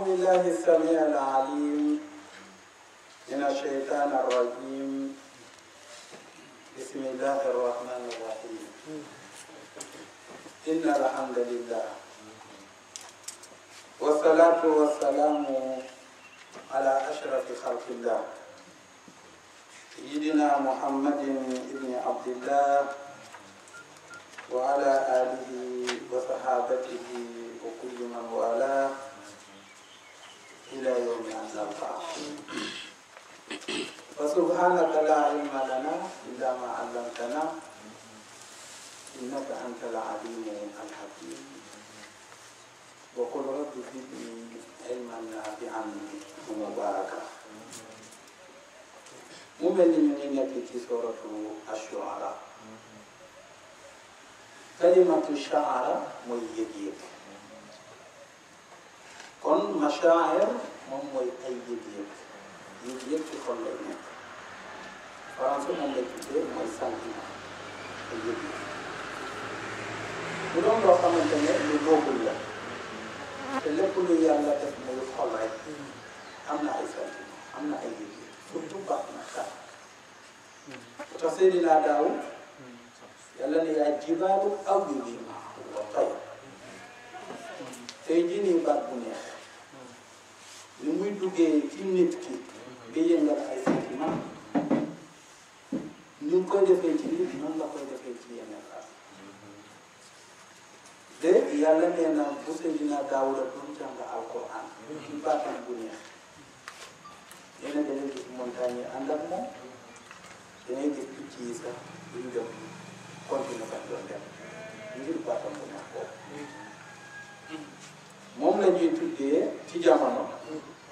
أعوذ بالله السميع العليم من الشيطان الرجيم بسم الله الرحمن الرحيم إن الحمد لله والصلاة والسلام على أشرف خلق الله سيدنا محمد بن عبد الله وعلى آله وصحابته وكل من والاه إلى يوم نلقى فسبحانك لا علم لنا إلا ما علمتنا إنك أنت العليم الحكيم وقل رب زدني علما نافعا ومباركا ممن من في سورة الشعراء كلمة الشعراء ميديك كن مشاعر مم ويقيد يب يب يب في كل يوم فرانسا مم يقيد ما يسالني يب يب بدون رقم من تنين لجو بلا اللي كل يوم لا تسمو يدخل عيد أمنا عيسان أمنا عيد يب سبتو باق مخا وتسيري ناداو يلاني عجيبادو أو يجيبادو وطيب تيجيني باق بنيخي ni muy duggee ci nit ki di yëngal ay sentiment ni mu koy defee ci nit noonu la koy defee ci yeneen la de yàlla nee na bu Seydina Daawuda doon jàng alquran ci baatam bu neex yeneen da ngay gis montagne yi ànd ak moom da ngay gis picc yi sax duñ dem continué ba doon dem ngir baatam bu neex boobu moom la ñuy tuddee ci jamono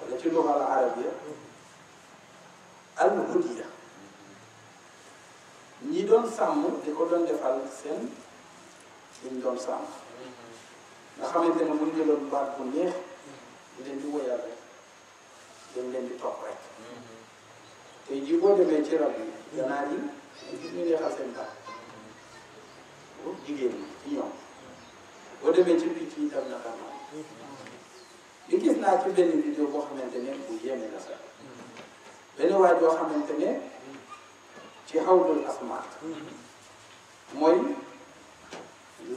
wala ci luxal arabiya al hudiya ñi doon sàmm di ko doon defal seen liñ doon sàmm nga xamante ne buñ jëloon baat bu neex leen di woyal rek dañ leen di topp rek tey jii boo demee ci rab yi ganaar yi dañ gis ñu neexal seen baat jigéen ñi ci ñoom boo demee ci picc yi tam naka noonu li gis naa ci benn vidéo boo xamante ne bu yéeme la sax benn waay boo xamante ne ci xawdul asmaa mooy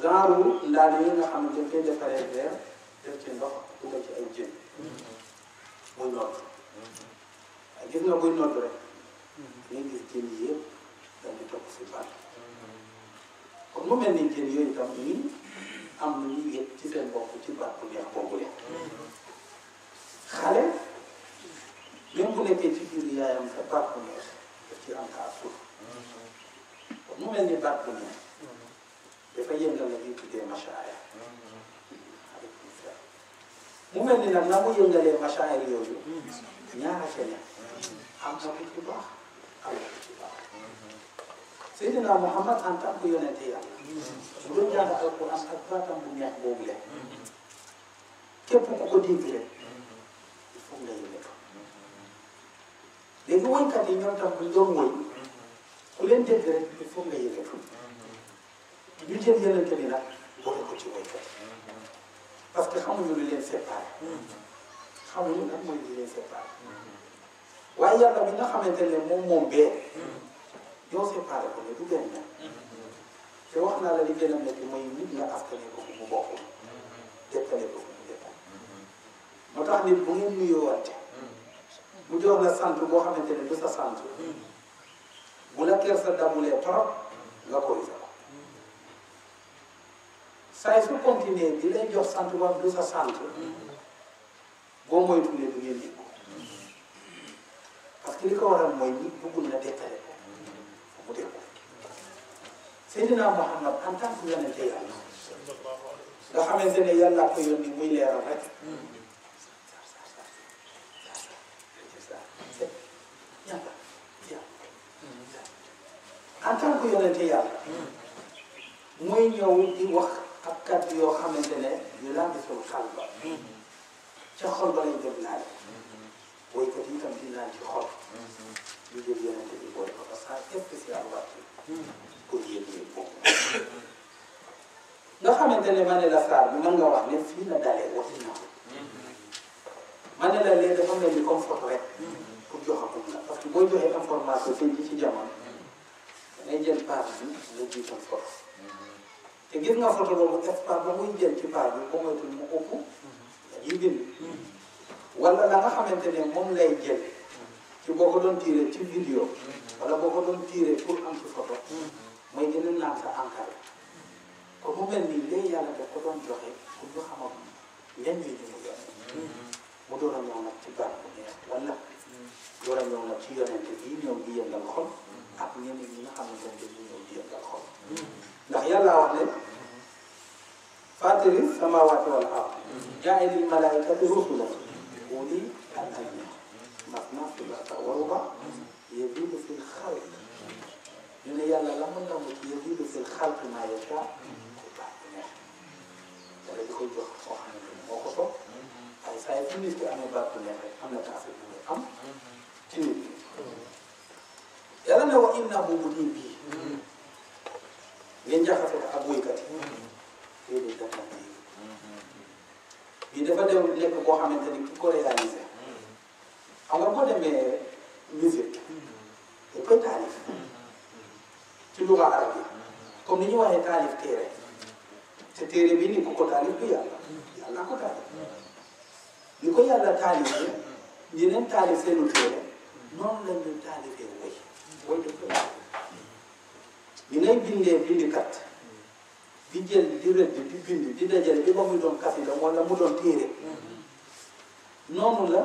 genre ndaal yi nga xam ne dafay defaree verre def ci ndox dugal ci ay jën muy nodd gis nga buy nodd rek nga gis jën yi yëpp dañu topp si baat kon mu mel ni jën yooyu tam nii am lu ñuy yëg ci seen bopp ci baat bu neex boobu leen xale même bu nekkee ci biir yaayam sa baat bu neex daf ci am kaa suuf kon mu mel ni baat bu neex dafa yëngal la ñuy tuddee machaaya alaykum salaam mu na mu yëngalee machaaya yooyu ñaara ca ne am na ku ci baax am na Seydina Muhammad en tant que yonente yàlla bu doon jàng alquran ak baatam bu neex boobu le képp ku ko dégg rek il faut nga yële ko léegi woykat yi ñoom tam buñ doon woy ku leen dégg rek il faut nga yële ko ñu jël yonente bi nag boole ko ci woykat parce que xamuñu lu leen séparé xamuñu nag mooy lu leen séparé waaye yàlla bi nga xamante ne moom moom bee non séparé ko mais du benn te wax naa la li gën a nekk mooy nit nga askane ko bu bokkul jëkkale ko bu jëkkal moo tax nit bu ngeen nuyoo wante mu jox la sant boo xamante ne sa sant bu la kersa dabulee trop nga koy sax saa su continuer di lay jox sant boo du sa sant boo moytuwulee du ngeen dégg parce que li ko waral mooy nit bëggul na dëkkale mu dégg ko Seydina Muhammad en tant que yonente yàlla nga xamante ne yàlla ko yónni muy leeral rek en tant que yonente yàlla mooy wax ak kàddu yoo xamante yu laa gisul xal ba ca xol ba lay jëm naa boykat yi itam di naan ci xol. Mm-hmm. ñu jël yeneen te ñu boole ko parce que spécial wàcc mm-hmm. pour yéen ñi boobu. nga xamante ne ma ne la saar bi nga wax ne fii la dalee waxi na mm-hmm. ma ne la léegi dafa mel ni comme photo rek pour joxagum la parce que booy joxee information tey jii ci jamono dangay jël part bi nga jiital photo te gis nga photo boobu espace ba muy jël ci part bi boo moytuwul mu ëpp dañuy bind wala la nga xamante ne moom lay jël ci ko doon tiré ci vidéo wala boo ko doon tiré pour am ci photo mooy gën a naan sa encadré ko mu mel nii léegi yàlla daf ko doon joxe pour ñu xamal yan yi ñu mu joxe mu door a ñëw nag ci barab bu neex wala door a ñëw nag ci yonent bi ñëw di yëngal xol ak ñeneen ñi nga xamante ne dañuy ñëw di yëngal xol ndax yàlla wax ne faatiri samaawaati wal ard jaa'ili malaa'ikati rusulan بني الأيام مطناف تبع تورطة يدود في الخلق من يلا لما نموت يدود في الخلق ما يشاء ولكن يقول جوا خوانا في الموقف أي سايفني في أنا بابت نهر أنا تعرف بني أم تنيني يلا نو إنه بني بي ينجح في أبوي كتير في ذلك bi dafa dem lekk boo xamante ni ki ko réalisé xam nga ko demee musée dañ koy taalif ci luga arab yi comme ni ñu waxee taalif téere te téere bi ni ko ko taalif bi yàlla ko taalif ni ko yàlla taalif bi ñeneen taalif seenu téere noonu la ñu taalifee woy woy def ko ñu ngay bindee bindikat di jël di rëdd di bind di dajale di ba muy doon kasida wala mu doon téere noonu la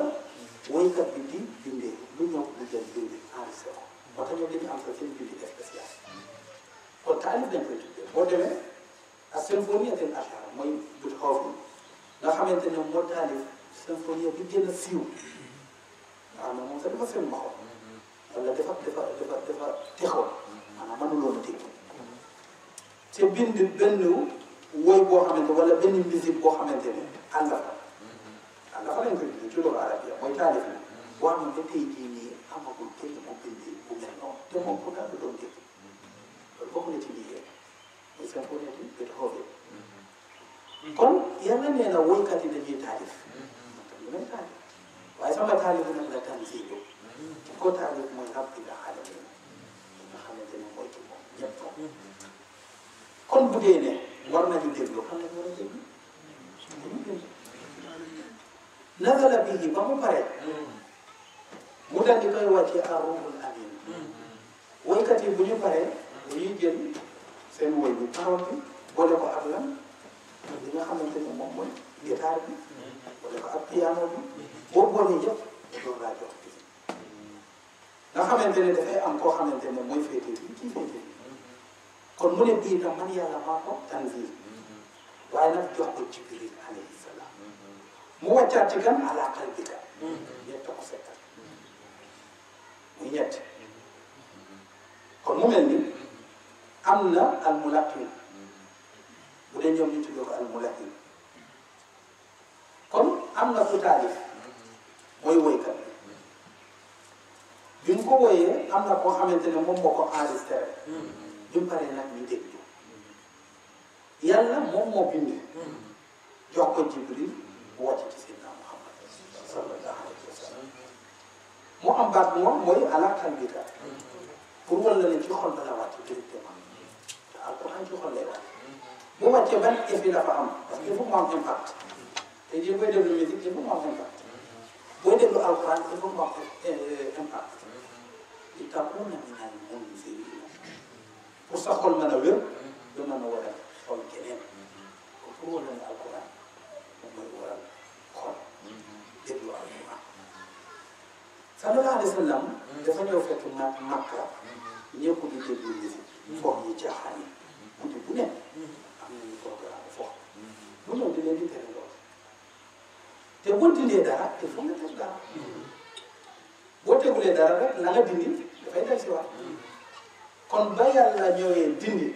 woykat bi di bindee lu ñëw lu jël bind am ko seen bind spécial kon taalif dañ koy tuddee boo demee ak symphonie ak seen achar mooy bu xaw bi nga xamante ne moo taalif symphonie bi gën a siiw waaw ah, moom sax dafa seen maxoon wala dafa dafa te bind benn woy boo xamante wala benn musique boo xamante ne ànd fa ànd fa lañ ko bind ci loolu arabia mooy taalif la boo xam ne tey jii nii amagul kenn ku bind bu mel noonu te moom pourtant da doon dégg loolu bokk na ci liggéey mooy seen ko nekk bët xoobee kon yàlla nee na woykat yi dañuy taalif dañuy taalif waaye sama taalif nag la tànn si jóg ci ko taalif mooy rabbi la xale nga xamante ne mooy ci moom ñëpp kon bu dee ne war nañu déglu kan lañ war a déglu naka la bii ba mu pare mu daal di koy wàccee à ruuhul amin woykat yi bu ñu paree dañuy jël seen woy bi parole bi boole ko ab lan nga xamante ne moom mooy guitare bi boole ko ak piano bi boo boolee yëpp loolu laa jox nga xamante ne dafay am koo xamante ne mooy féete bi ci féete bi kon mu ne bii nag man yàlla maa ko tanzil waaye nag jox ko jibril alayhi salaam mu wàccaat ci kan ala qalbika ñett ko seetal muy kon mu mel ni am na al mulaqin bu dee ñoom ñu tuddee ko al mulaqin kon am na ku taalif mooy woykat bi ñu ko woyee am na koo xamante ne moom moo ko enregistré bi mu paree nag ñu déglu yàlla jox ko jibril wati ci seydina muhammad sallallahu alayhi wasallam mo am baat moom mooy alaakaan bi daal pour wala la ci xol dana wàcc directement te alquran ci xol lay wàcc bu wàccee ban effet fa am parce que il faut am impact te ji booy déglu musique il faut mu am impact booy déglu alquran il bu mu am impact li taxoon na ñu naan moom وسأقول من أبير دون أن أورد أو الجنين كفول من القرآن وما يورد قل يدل على القرآن صلى الله عليه وسلم دفن يوفيت مكة نيكو دي دي دي فوق يجاهاني كنت بني أمين يقول لها فوق بني أمين يقول لها فوق te wonti ne dara te fonga tas dara wote wule dara rek la nga dindi da fay dal ci wa kon ba yàlla ñëwee dindi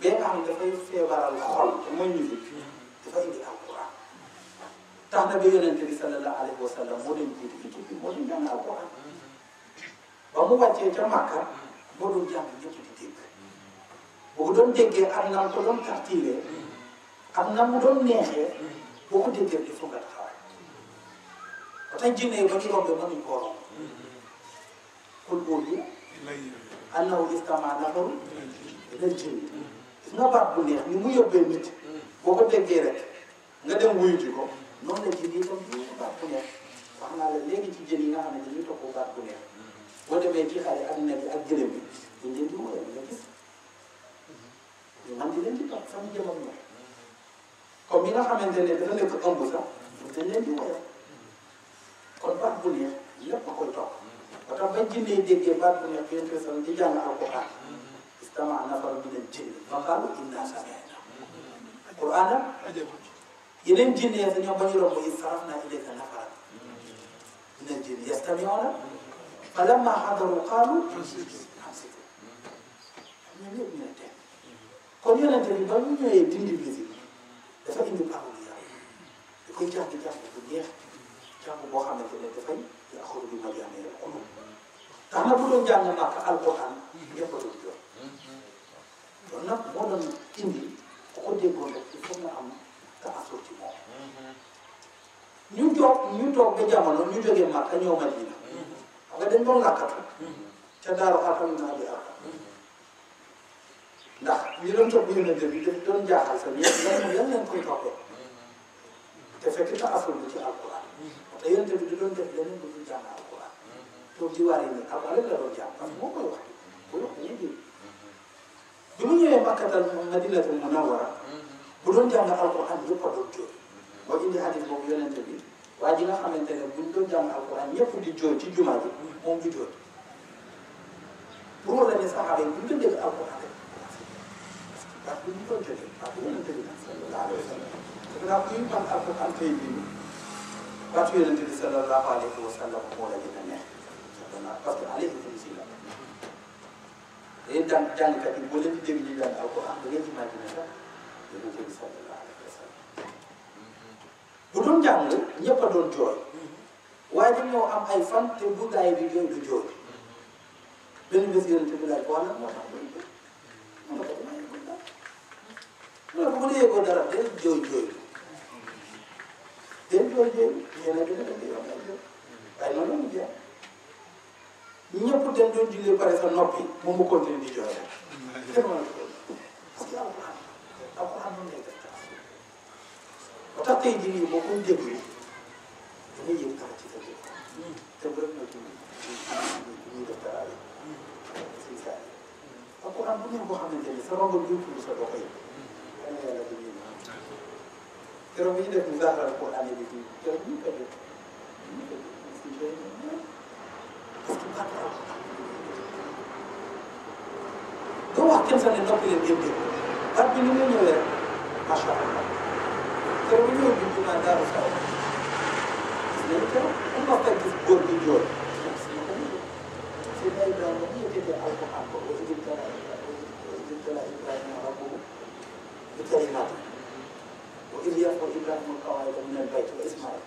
ba nga xam dafay feebaral xol mu ñu fi dafa indi alquran tax na ba yonent bi sallallahu alayhi wa sallam moo doon jiitu ci bi moo doon jàng alquran ba mu wàccee ca Màkka moo doon jàng ñëpp di dégg boo doon déggee am na ko doon tartiilee am na mu doon neexee boo ko déggee il faut nga taxawaay ba tey jinne ba ci rombe mënuñ koo romb kon boobu annahu istama nafaru minal jinni gis nga baat bu neex ni mu yóbbee nit boo ko déggee nga dem wuyu ji ko noonu la jinni itam du baat bu neex wax naa la léegi ci jën yi nga xam ne dañuy topp baat bu neex boo demee ci xare ak nag yi ak gëlëm yi dañ leen di wóoree nga gis man di leen di topp fan jëm xamante ne dana nekk ëmb sax dañ leen di wóoree kon baat bu neex oto bajjinde e degge batbun e feetre son ɗi janga alquran istama nafaru minen jinni fa qalu inna samina qur'ana enen jinni e soño bañiromo istarafna ileyka nafara minen jinni yastamiuna falamma hadaru qalu ansitu min minete kono yonenteni bañuño e dindi musique dafa indi paroliya e koye jangde jango ko neex jango boo xamante ne dafay yaxuru bi mariame al qulub xam nga bu doon jàng màkk alquran ñëpp a doon jox loolu nag moo doon indi ku ko déggoon rek il faut nga am nga asoo ci moom mhm. ñu toog ñu toog ba jamono ñu jógee màkk ñëw Madina mhm. xam nga dañ doon làkkatu mhm. ca daaru xarxam naa bi arka ndax ñu doon toog yonente bi dañ doon jaaxal sa yéen yan leen koy toppee te fekk na asoo bi ci alquran te yonente bi di doon def leneen lu dul jàng alquran toog di waaree nii alxuraan lépp la doon jàng parce que moo koy wax bu wax ñeent yi bi mu ñëwee Makkatal Madinatul Munawwara bu doon jàng alxuraan ñëpp a doon jooy moo indi hadis boobu yonente bi waaye ji nga xamante ne buñ doon jàng alxuraan ñëpp di jooy ci juma ji moom du jooy bu ma la ne saxaaba yi buñ doon dégg alxuraan rek parce que ñu doon jotee parce que yonente bi sallallahu alayhi wa sallam te naa kuy man alxuraan tey bii parce que yonente bi sallallahu alayhi wa sallam moo la gën a naa parce que alayhi fi si la da ngeen jàng jàngkat yi boo leen di dégg ñuy jàng alquran da ngeen ci imaginer sax yonent bi sallallahu alayhi wa sallam bu doon jàng ñëpp a doon jooy waaye dañoo am ay fan te bu gaay bi jooy du jooy benn bés yonent bi laaj ko wala moo tax muy jooy mu ne ko damay yëgul dara mu ne ko bu dee yëgul dara day jooy jooy day jooy jooy yonent bi ne ko day wax ay jooy waaye noonu la mu jeex ñëpp dem doon julli pare sa noppi moom mu continué di jooy rek. kenn mënatu ko parce que alxuraan alxuraan moom lay def ba tax tey jii nii boo ko déglu dañuy yëg dara ci sa bopp te bu rek na ci ñuy def dara rek. suñu saa yi alxuraan bu ngeen ko xamante ni sa rongo bi sa doo ko yëg. yàlla yàlla du ñuy naan keroog bi ñu def mu zaaxal alxuraan bi te ñu ko def ñu ko def doo wax kenn sax ne noppi leen ngeen dégg at bi ni mu ñëwee macha allah te bu ñëwee bi ñu naan daaru saw gis nañ ko am na fay gis góor gi jooy سيدنا إبراهيم يجد القرآن وإذ ابتلى إبراهيم ربه بكلمات وإذ يرفع إبراهيم القواعد من البيت وإسماعيل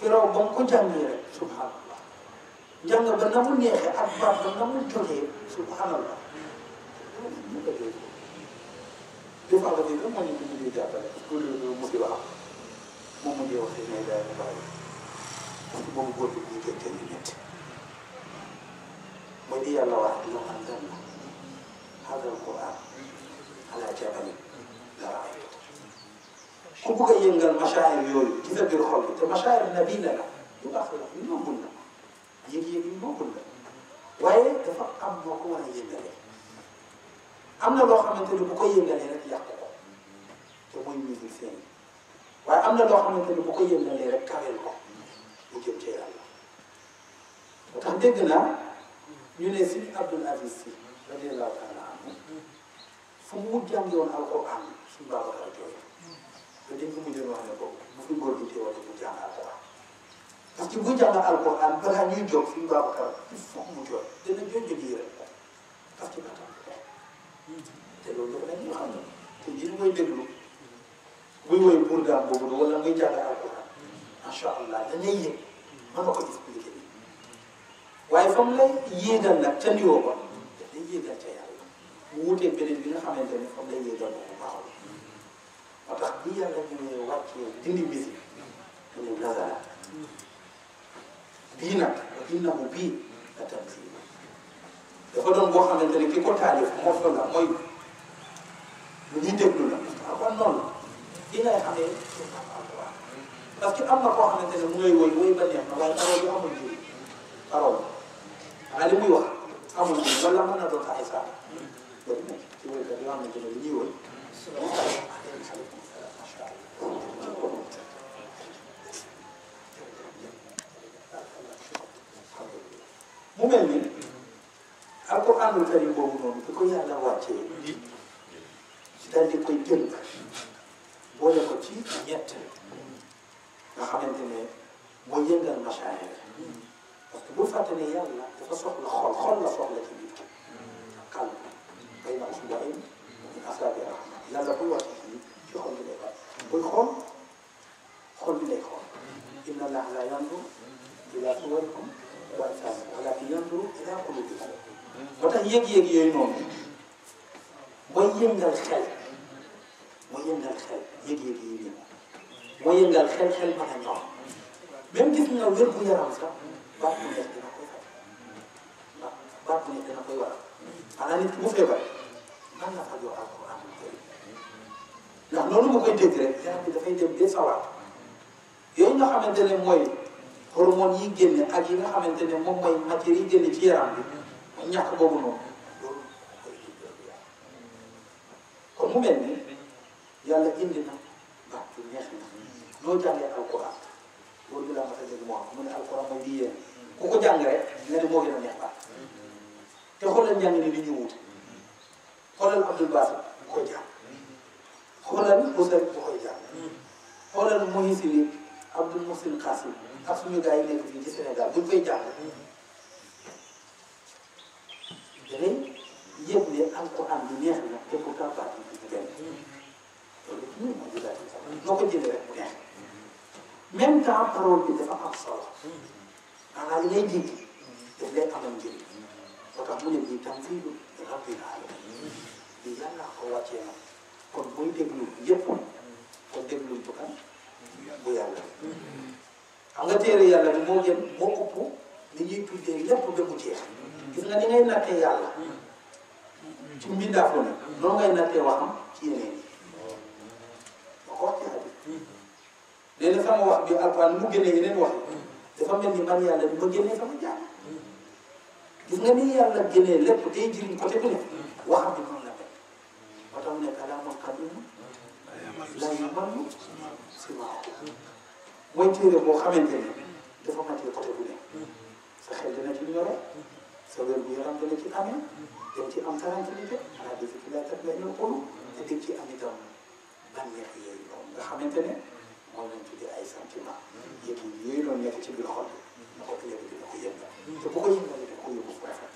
كراو بنكو جميل سبحان الله jàng ba na mu neexee ak baat ba na mu jógee subhanallah mu dëggee des fois dafay gën moo ñu ko mujjee jàppale loolu loolu mu di wax moom mu di wax ne daay mu bàyyi parce que boobu góor bi muy gëj ñu métti ba di yàlla wax dina am gan la xaaral ko ah xalaa jabali dara ay ku bëgg a yëngal machaayir yooyu ci sa biir xol bi te machaayir nabi na la lu baax la ñu yóbbul na yëg-yëg yi bokkul la waaye dafa am moo ko war a yëngalee am na loo xamante ne bu ko yëngalee rek yàq ko te am na loo xamante ni bu ko yëngalee rek kawel ko mu jëm ci yàlla moo tax dégg ñu ne si Abdul Aziz Si radiyallahu taala anhu fu mu jàngoon alquran suñu Babacar jooy te dégg mu jëm wax ne ko bu ci bu jàng alquran balaa ñuy jóg suñu Babacar il faut mu jooy dana jooy jóg yére parce que te loolu dafa nekk ñu xam ne te yéen mooy déglu buy woy buur daam boobu wala muy jàng alquran macha allah dañuy yéeg mën na ko expliqué waaye fa mu lay yéegal nag ca niveau ba dañuy yéegal ca yàlla mu wutee beneen bi nga xamante ne fa mu lay yéegal bu baaxul moo tax bi yàlla ñu ne wàccee dindi musique dañuy nazara bii nag innahu bii la tanziil dafa doon boo xamante ne ki ko taalif moom la mooy lu ñuy déglu la. ah kon noonu li ngay xamee parce que am na koo xamante ne mu ngay woy woy ba neex na waaye parole bi amul njëriñ parole waaye li muy wax amul njëriñ wala mën na doon ay saako. ba du nekk ci woykat yoo xamante ne li ñuy woy. mu mel ni alquranul karim boobu noonu bi ko yàlla wàccee daal di koy jël boole ko ci ñett nga xamante ne mooy yëngal machaayir parce que bu fàtte ne yàlla dafa soxla xol xol la soxla ci biir xal bay na suba in min asaabi rahma yàlla buy wàcc fii ci xol bi lay wàcc buy xol bi lay xool inna allaha la yandur ila suwarikum wal saani walaakin yanzuru ilaa quluubihim ba tax yëg-yëg yooyu noonu mooy yëngal xel mooy yëngal xel yi mooy yëngal xel xel mën a ñor même gis nga wér gu yaram sax baat bu koy faj waaw baat bu koy waral na noonu dafay dem nga xamante ne mooy. hormone yi génne ak yi nga xamante ne moom mooy matière yi génne ci yaram bi ñàkk boobu noonu loolu kon mu mel ni yàlla indi na baax bu neex na noo jàngee alquran loolu bi laa mën a dégg mu wax mu ne alquran mooy lii yéen ku ko jàng rek nga ne moo gën a neex baax te xoolal njàng ni li ñu wut xoolal Abdul Basit bu koy jàng Abdul Muhsin Qasim ak suñu gars yi nekk fii ci Sénégal buñ koy jàng danañ yëpp ne alquran lu neex la te pourtant baat bi du benn loolu ci ñun mooy daal ko jëlee rek bu neex même bi dafa am solo maanaam li ngay dégg daf lay amal njëriñ moo tax mu ne bii tam fii du ko wàccee nag bu kan bu yàlla xam nga téere yàlla bi moo gën moo ëpp li mu jeex gis nga ni ngay nattee yàlla ci mbindaaf la nag noonu ngay nattee waxam ci yeneen yi ma ko wax ci xarit léegi sama wax bi alquran mu génnee yeneen wax dafa man yàlla bi ma génnee sama jaam gis nga ni yàlla génnee lépp day jëriñ côté bu ne waxam bi noonu la mooy téere boo xamante ni dafa matee côté bu ne sa xel dana ci ñoro sa wér gu yaram dana ci amee dana ci am tranquillité ala des utilisateurs la ñu xool te dañ ci am itam bànneex yooyu noonu nga xamante ne moom lañ tuddee ay sentiment yëpp yooyu noonu nekk ci biir xol na ko yëngu dina ko yëngal te bu ko yëngalee dina ko yóbbu fu rafet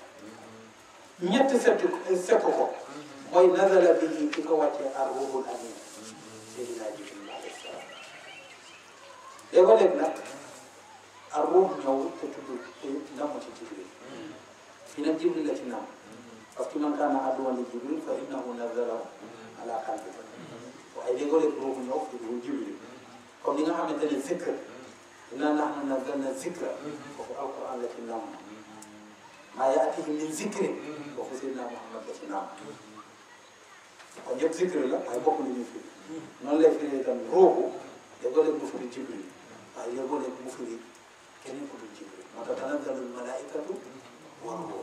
ñett setu eh, sekk ko mooy nazala bi ci ko wàccee ar léeg-léeg nag ak ruux ñëwul te tudd te namm ci Jibril fii nag Jibril la ci namm parce que man kaana aduwwan li Jibril fa innahu nazzalahu ala qalbika waaye léeg-léeg ruux ñëw tudd Jibril comme ni nga xamante ne zikr innaa nahnu nazzalna zikra foofu alquran la ci namm maa yaatihim min zikrin foofu Seydina Muhammad la ci namm kon yëpp zikr la waaye bokk nañu fi noonu lay firee itam ruuxu يقول مفني جبريل آه، يقول مفني كريم بن جبريل وتتنزل الملائكة والروح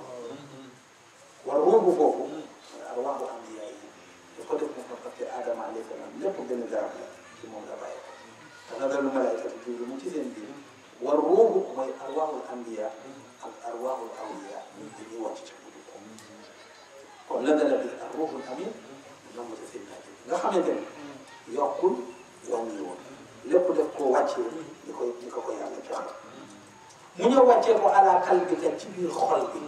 والروح فوق أرواح أنبيائه يقول مفني آدم عليه السلام لكم دين ذاك في موضع بايك تنزل الملائكة في المتزين دين والروح هو أرواح الأنبياء الأرواح الأولياء من دين وتشكلكم قل لنا الروح الأمين لما تسمى nga xamante يقول يوم يوم lépp daf koo wàccee di koy ko ko yàlla jox mu ñëw wàccee ko ala kal bi teg ci biir xol bi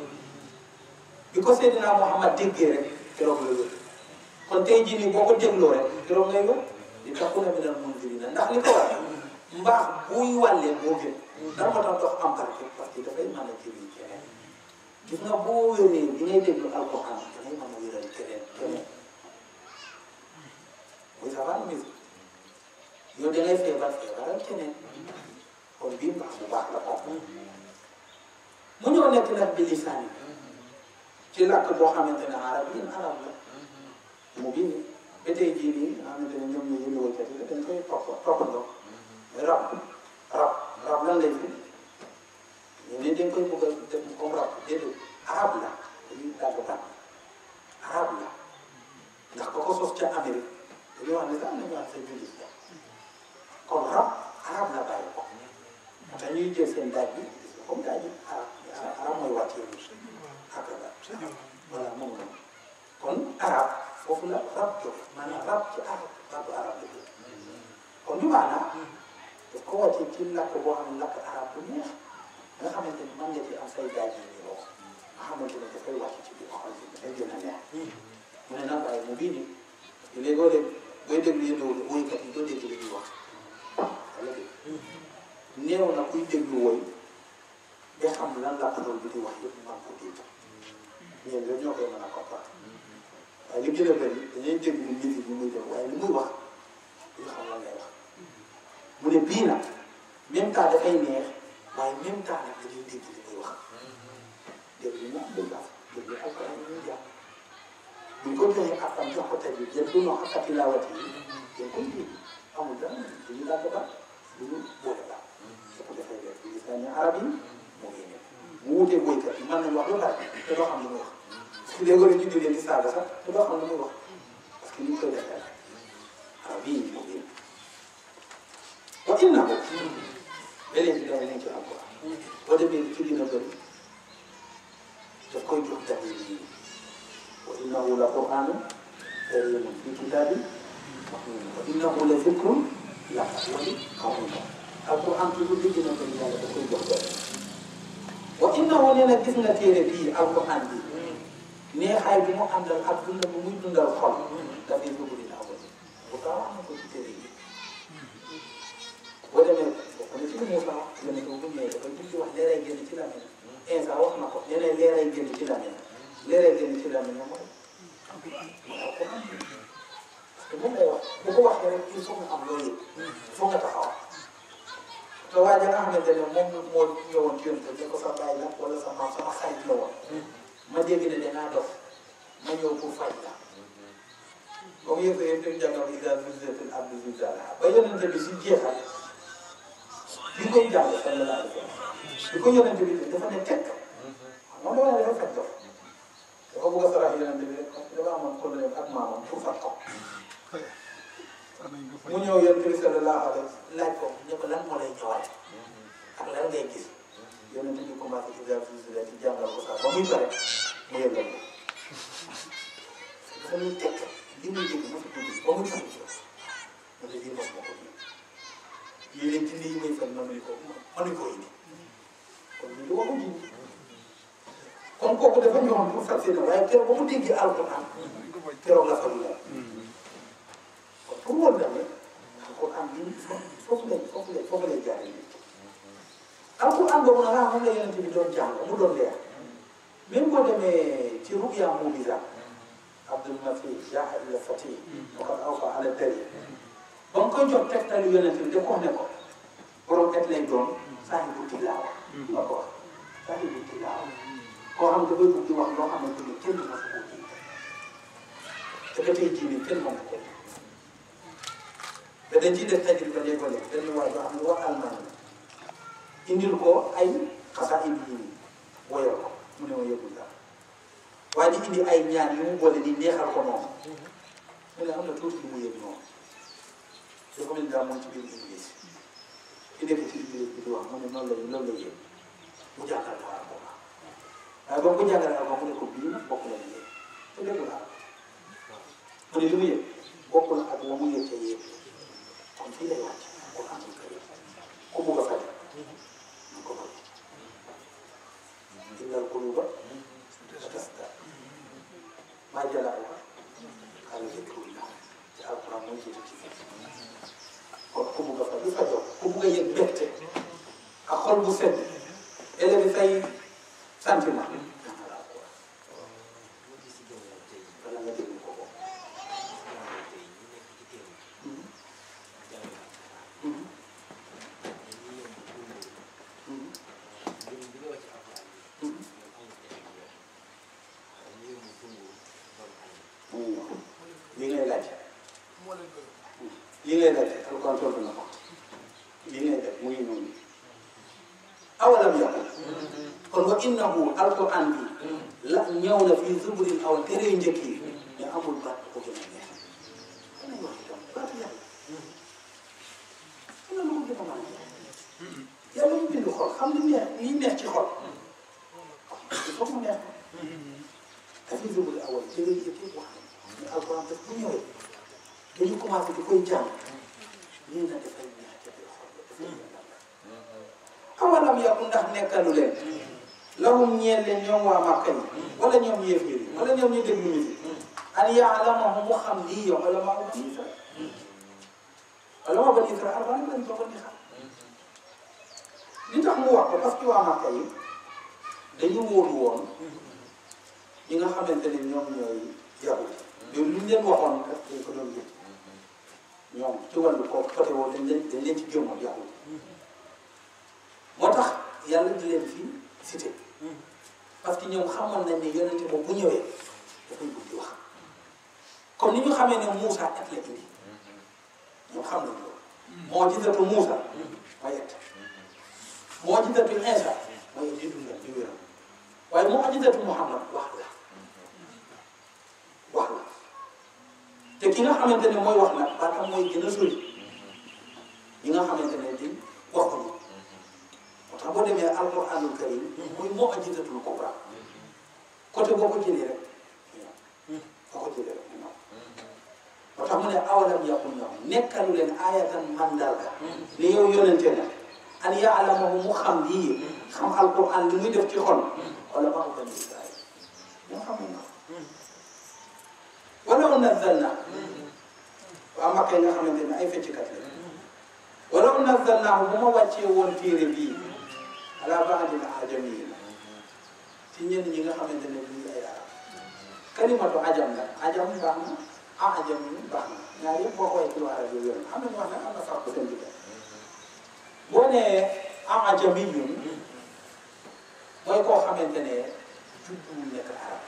bi ko Seydina Muhammad déggee rek keroog la wér kon tey jii nii boo ko dégloo rek keroog lay wér di takku na minal munziriina ndax li ko war mbaax buy wàllee moo gën ndax moo tax dox am barke parce que dafay mën a jëriñ keneen gis nga boo wéree bi ngay déglu alquran dangay mën a wéral keneen keneen muy sa yow da ngay feebar feebaral keneen kon bii mbaax bu baax la ko mu ñëw nekk nag bi ci làkk boo xamante ne arab yi arab la mu bind ba tey jii nii nga xamante ne ñoom ne dañ koy bëgg a def comme rab déedéet arab la dañuy dàgg dàgg arab la ndax ko ko kon rab arab la bàyyi ko te ñuy jël seen daaj bi comme daaj bi arab arab mooy wàcce ak rab voilà moom la kon arab foofu la rab jóge maanaam rab ci arab rabu arab la jóge kon ñu maanaam daf ko wàcce ci làkk boo xam ne làkk arab bu neex nga xamante ni mën nga ci am say daaj yi ñu wax nga xamante ne dafay wàcc ci biir xol bi dafay gën a neex mu ne naan bàyyi mu bii nii léegoo léeg booy déglu yéen a wuyu wuyu kat yi doo déglu li ñuy wax wala dé néew na kuy déglu woy nga xam lan la parole bi di wax yëpp ñu mën ko déglu ñeen rek ñoo koy mën a comprendre waaye li jëlee bëri dañuy déglu nit yi ñu muy def waaye li muy wax ñu xam lan lay wax mu ne bii nag même temps dafay neex waaye même temps nag dañuy dégg li muy wax déglu ñu am dëgg déglu alquran ñuy jàng buñ ko joxee xattam jox ko tey bi jël du noo xakkati laawati yi dañ koy dégg amul dara dañuy dàgg ba duñu boole ba su ko defee rek gis nañ ne arab yi moo ngi ñëw mu wutee boykat yi mën nañu wax lu bari te doo xam lu muy wax parce que léeg-léeg ñu di leen di saaga sax te doo xam lu muy wax parce que ni ñu koy defee arab yi moo ngi ñëw wa inna ko beneen bi daañu leen ci alquran boo demee ci dina bëri daf koy jox tamit yi wa innahu la qur'aanun kariimun fi kitaabin maknuun wa innahu la zikrun ndax man xamuñ ko alquran toujours dégg na ko yàlla da koy jox doole wa innahu nee na gis nga téere bii alquran bi neexaay bi mu àndal ak dund bu muy dundal xol dafay dugg di laa ko bu baax wax na ko ci téere yi boo demee bokk na ci li Moussa wax nga ne ko bu ñëwee dafay dugg wax leeray génn ci lamine Insa wax na ko nee na leeray génn ci lamine leeray génn ci lamine mooy alquran te bu ko wax bu ko waxee rek il faut nga am loolu il faut nga taxawal te waaye da nga xamante ne moom moo ñëwoon jëm te ko sa bàyyi la wala sa maam sama xarit la woon ma dégg ne danaa dof ma ñëw pour faj la comme yëpp yëpp dañu jàngal Ida Zulzatul Abdu Zulzalaha ba yonente bi si jeexal bi ñu koy jàng sallallahu alayhi wa sallam bi ko yonente bi dafa ne tekk moom moo ne dafa faj dof dafa bëgg a sarax yonente bi rek dafa amoon problème ak maamam pour faj ko mu ñëw yéen kilifa la laa laaj ko ñu ko lan moo lay ñëwaat ak lan ngay gis yonent bi commencé ci jàpp si la ci jàngal ko sax ba muy pare mu yëngal ko. dafa ñuy teg li muy jënd mosu tuuti ba mu tuuti ma ne lii mos ma ko ji yéen ci lii muy fan mënuñu ko mënuñu ko indi kon ñu ngi waxu ji kon kooku dafa ñëwoon pour sax seen waaye keroog ba mu déggee alxuraan keroog la pour mu wër yàlla alquran bi foofu lay foofu lay mu doon leer même boo demee ci ruya mu'jiza Abdul Nafi jaa ila fatih wa qad awfa ala dari ba nga koy jox tegtalu yonent bi ne ko borom et lay doon saahibu ko wax saahibu tilaawa koo xam wax loo xamante ni kenn du ma ko jiite te ba tey jii nii kenn moom ko te dañ ciy def tajriba ba léegoo léeg benn waay boo xam ne waa Allemagne indil ko ay xasaa indi yi woyoo ko mu ne ma yëgul waaye di indi ay ñaan yu mu boole nii neexal ko moom mu ne am na tuuti mu yëg moom dafa mel ni daal moom ci biir Iblis ki nekk ci Iblis bi di mu ne noonu la ñu loolu la yëg mu jàngal ko ak booba waaye boobu bu jàngalee ak mu ne ko bii bokk la ñu yëg te la mu ne li mu yëg bokkul ak la mu yëg ca yëg kon fii lay wàcc Alxuraanul Kariim ku bugg a faj ñu ko faj innal quluuba maa jalla boobu alquran bi la ñëw na fii zuburin aw tere yu njëkk yi ñu amul baat bu ko gën a neex danañ wax itam baatu yàlla am na lu ko gën a mën yàlla mu bind xol xam li neex li neex ci xol il faut mu neex ko fii zuburin awal tere yu njëkk yi wax ñu alquran daf bu ñëwee dañu commencé di koy jàng ñu na dafay neex ci xol awalam yàqu ndax nekkalu leen لهم نيال لن يوم ومكني ولا يوم يفيري ولا يوم يدل ميزي أن يعلمهم وخمدي علماء بني إسرائيل علماء بني إسرائيل أربعين بني بني خالد li tax mu wax ko parce que waa Màkka yi dañu wóolu woon ñi nga xamante ni ñoom ñooy yabu ñoom lu ñu leen waxoon parce que dañ ko doon jëm ñoom ci wàllu ko côté woo dañ leen dañ leen ci jëmoon yabu moo tax yàlla di leen fi cité parce que ñoom xamoon nañ ne yonente moom bu ñëwee dafay guddi wax comme ni ñu xamee ne Moussa at la indi ñoom xam nañ loolu moo jëndatu Moussa mooy et moo jëndatu Insa mooy moo jëndatu Mouhamad wax la te ki nga xamante ne mooy wax la baatam mooy gën a sori ñi nga xamante ne di xam boo demee alquranul karim muy mu'jizatul kubra côté boo ko jëlee rek boo ko jëlee rek moo tax mu ne awalam yaqul ñoom nekkalu leen ayatan mandarga li yow yonente na an yaalamahu mu xam lii xam alquran li muy def ci xol wala maa ko bani israil ñoo xam nañ ko walaw nazalna waa Makka yi nga xamante ne ay fecckat la walaw nazalnaahu bu ma wàccee woon téere bii ala ba'dil ajamiin ci ñenn ñi nga xamante ne bii ay arab kalimatu ajam la ajam baax a ajam baax na ñaar yëpp boo koy ci waa rajo yoon am na ñoo xam ne am na sax bu tënk boo nee ajamiyun mooy koo xamante ne judduwul nekk arab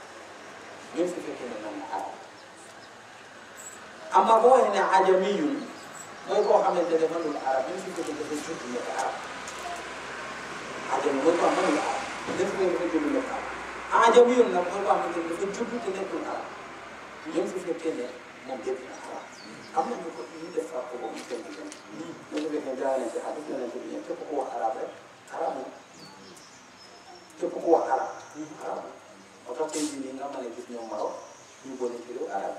même su fekkee ne moom arab amma boo nee ajamiyun mooy koo xamante ne mënul arab même su fekkee dafa judd nekk arab aajoom mooy koo xam ne dafa jublu arab aajoom yoon nag mooy koo xam ne dafa jublu te nekkul arab ñoom su fekkee ne moom dégg na arab am nañu ko ñu def ko boobu ñu dégg leen. ñu ngi fekkee jaarante xadis na leen di ñëw képp ku wax arab rek arab la képp ku wax arab arab la moo tax tey jii nii nga mën a gis ñoom Maroc ñu boole ci réew arab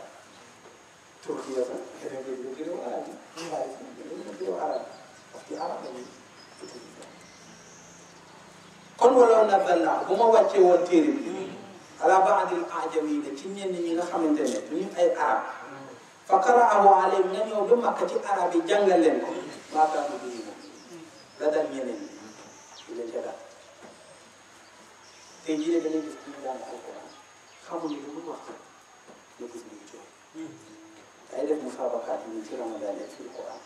Turquie sax xëy na ñu réew arab yi. waaye réew arab parce que arab la ñuy utiliser kon wala na balla bu ma wàccee woon téere bi ala baadil ajami da ci ñenn ñi nga xamante ne duñu ay arab fa qaraahu alayhim nga ñëw ba makka ci arab yi jàngal leen ko maakaanu bi moom la dal ñeneen ñi di leen ca dal tey jii da ngay gis ñu daan alquran xamuñu lu mu wax ñu gis ñu jooy day def musaabakat yi ci ramadan yi ci alquran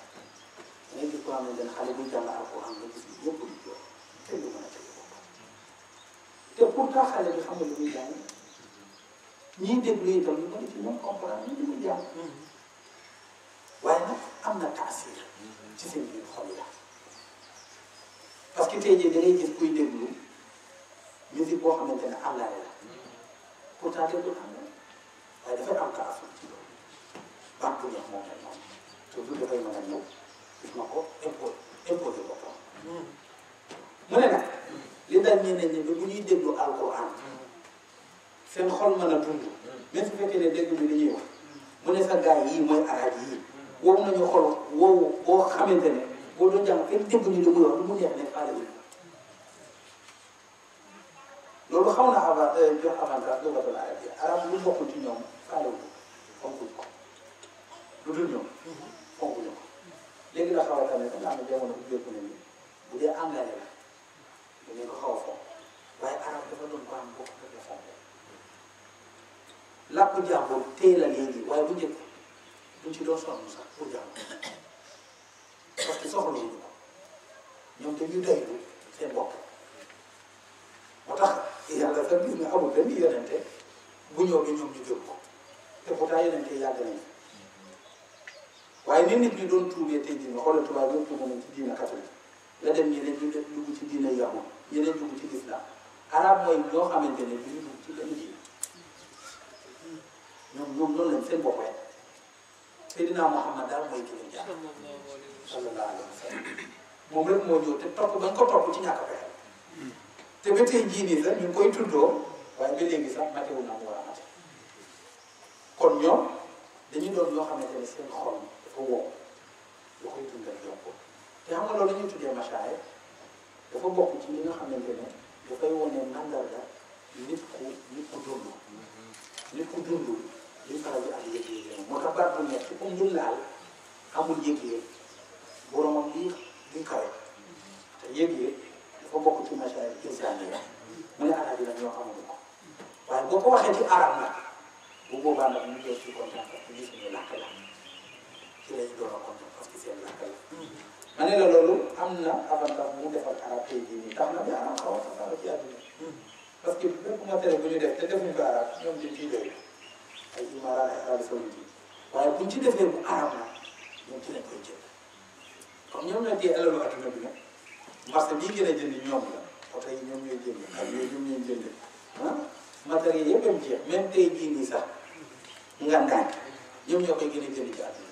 ngay gis ko xam ne xale bu jàng alquran nga gis ñu yëpp di jooy te du mën a te pourtant xale bi xamul lu muy jàng ñiy déglu itam ñu bëri ci ñoom comprendre lu am na taasir ci seen biir xol parce que tey jii da ngay gis kuy déglu musique boo xamante ne àllaay la pourtant te du am waaye dafay am taasir ci loolu baax bu neex moom rek moom surtout dafay mën a ñëw gis na ko impo imposé boppam hmm. mu ne nag li dal ñeneen ñi ba bu ñuy déglu alquran seen xol mën a dund même su fekkee ne dégg bi li ñuy mu ne sa gaay yii mooy arab yii wow nañu xol wow boo xamante ne boo ne faale bi loolu xaw na avant euh, jox avantage doo ko doon arab yi arab lu bokkul a tamit ne jamono bu dee engrais la dañu ko xaw a fonk waaye arab dafa doon ko am bokk dafa fonk làpp jàmbur téye la léegi waaye bu njëkk duñ ci doon sonn sax pour jàmbur parce que soxla wuñu ko ñoom dañuy doylu seen bopp moo tax yàlla sax gis nga amul benn yonente bu ñëw bi ñoom ñu jóg ko te pourtant yonente yàgg nañu waaye ni nit ñi doon tuubee tey jii nga xoolal tubaab yëpp tuubu nañ ci diina catholique la dem ñi ne ñu dugg ci diina yahuud yeneen dugg ci lislaam arab mooy ñoo xamante ne duñu dugg la benn diine ñoom la noonu lañ seen bopp rek Seydina Muhammad daal mooy ki leen jaar sallallahu alayhi wa sallam moom rek moo ñëw te topp ba nga ko topp ci ñàkk pexe te ba tey jii nii sax ko ngi koy tuddoo waaye ba léegi sax matewu na mu war a mate kon ñoom dañu doon ñoo xamante ne seen xol dafa wow lu koy dundal yokk te xam nga loolu la ñuy tuddee machaayix dafa bokk ci li nga xamante ne dafay wane mandarga nit ku nit ku dund. Mm-hmm. nit ku dund liñ faral di ak yëg-yëg moo tax baat bu nekk ci comme lu laal amul yëg-yëg boromam lii di kawe mm-hmm. te yëg-yëg dafa bokk ci matière islam yi mu ne arab yi la ñoo xamante ko waaye boo ko waxee ci arab nag bu boobaa nag ñu jël ci kontaan parce que gis ñu làkk la ci lay doon a kontaan parce que seen làkk la. Mm-hmm. mane la lolu amna avantage mu defal arab tey jii nii tax na bi arab xaw a tasaaro ci àdduna parce que nga matériel bu ñu def te defuñu ko arab ñom ci ci doy ay imara ay arab saudi bi waaye bu ci defee bu arab la ñoom ci lañ koy jël comme ñoom di téye lu adduna bi nag marché bii gën a jënd ñom la oto yi ñom ñooy jënd ak yooyu ñoom ñooy jënd ah matériel yëpp ñu jeex même tay jii ni sax nga ñoom ñom ñokay gën a jënd ci àdduna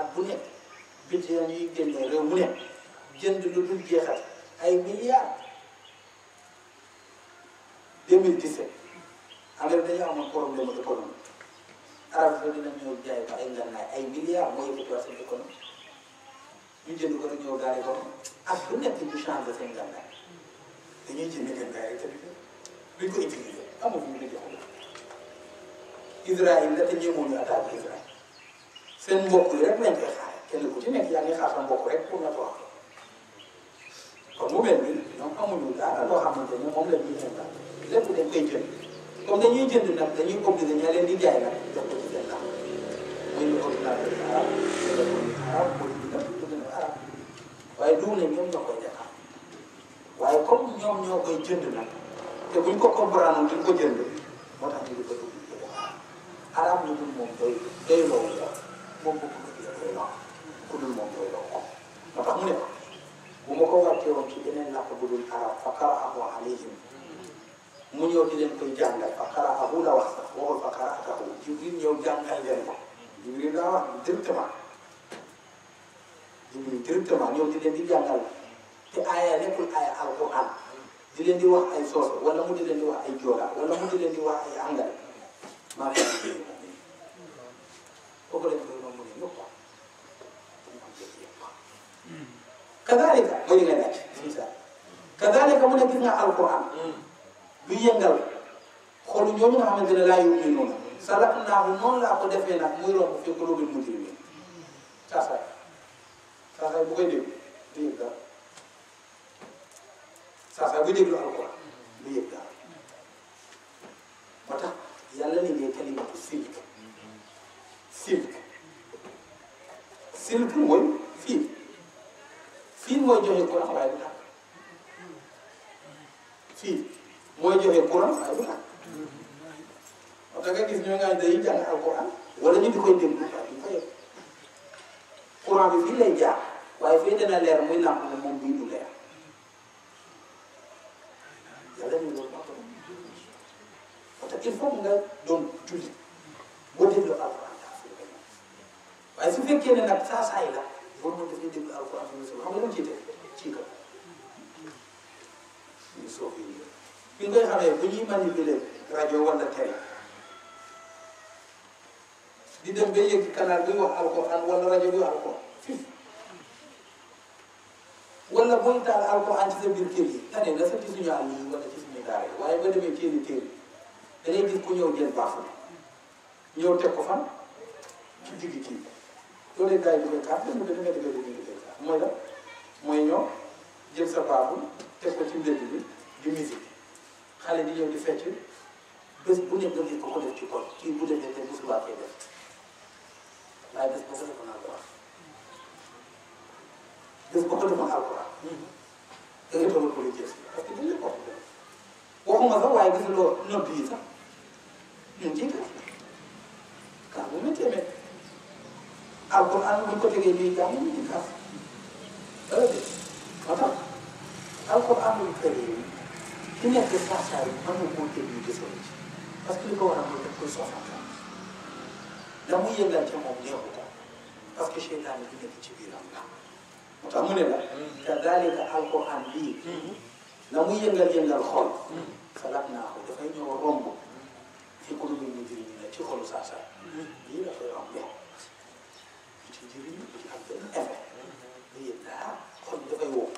at bu nekk budget yi génne réew mu ne jënd lu dul jeexal ay milliards 2017 engrais dañu amoon problème économique arab ba dina ñëw jaay ba ay ngànnaay ay milliards mooy yëkkatiwaat seen économie ñu jënd ko rek ñëw gaale ko ak bu nekk ñu changé seen ngànnaay dañuy jënd ngànnaay rek tamit duñ ko utilisé amul ñu ne joxul Israël la te ñëwoon ñu attaque Israël seen mbokk yi rek lañ koy xaar kenn ku ci nekk yaa ngi xaar sa mbokk rek pour nga toog kon mu mel ni ñoom amuñu dara loo xamante ni moom la ñuy xeexal lépp dañ koy jënd comme dañuy jënd nag dañuy obliger ña leen di jaay nag jox ko ci seen tax muy lu ordinateur bi arab muy lu arab muy lu dem lu gën a arab waaye duw ne ñoom ñoo koy defar waaye comme ñoom ñoo koy jënd nag te buñ ko comprendre duñ ko jënd moo tax ñu di ko dugg arab ñu dul moom doy doy loolu la moom bëgg ku dul moom doy loo ko moo tax mu ne bu ma ko wàccee woon ci beneen làkk bu dul arab fa qara'ahu alayhim mu ñëw di leen koy jàngal fa qara'ahu la wax sax waxul fa qara'atahu Jibril ñëw jàngal leen ko Jibril laa wax directement Jibril directement ñëw di leen di jàngal te aaya nekkul aaya alquran di leen di wax ay soose wala mu di leen di wax ay joola wala mu di leen di wax ay angal maa ngi leen di kadalika mooy li nga nekk misaal kadalika mu ne gis nga yëngal xolu ñooñu nga xamante ne laa a noonu salaknaahu noonu laa ko defee nag muy romb fi quluubil mujrimiin saasay bu koy déglu du yëg dara saasay buy déglu yëg dara moo yàlla ne ngay kalimatu silk silk silk mooy fii fii mooy joxe courant waaye du tàkk fii mooy joxe courant waaye du tàkk parce nga gis ñoo ngi day jàng wala ñu di koy déglu waaye du ko yëg bi fii lay waaye fii dana leer muy làmp ne moom bii du leer yàlla ñu loolu baaxul parce que il faut nga doon julli boo déglu alquran waaye su fekkee ne nag saa saay war nga def déglu suñu suuf ci kaw suñu suuf yi bi nga xamee di dem ba yëg canal rajo buy wax alquran wala booy taal alquran ci sa biir kër yi tane na sa demee téeri téeri da ngay gis ku ñëw jël baaxul ñëw teg ko fan. loolee gars yi bëgg a kaas mu def nga bëgg a kaas mooy la mooy ñoo jël sa baabu teg ko ci mbedd bi di musique xale di ñëw di fecc bés bu ne bëggee ko ko def ci kon kii bu defee te mosul waa koy def waaye bés boo ko defoon alquran bés boo ko defoon alquran da ngay ko lu jëf parce que dañ la ko waxuma sax waaye gis nga loo noppi yi sax ñun ciy gis. kàddu métier mais alquran bu ñu ko tegee ñuy jàng ñu ngi xas dara de moo tax alquran bu ñu tegee ki nekk saa yi mën na koo teg ñu gisal ci parce que li ko war a mën mu koy soxla la muy yëngal ca moom neexu que seytaane bi ci biiram la moo tax mu ne la kadalika alquran bii la muy yëngal yëngal xol salaat naa ko dafay yu mujj yi ñu ne ci xolu saa saa jëriñu du ci am benn effet. lii yëpp daa xool dafay wow.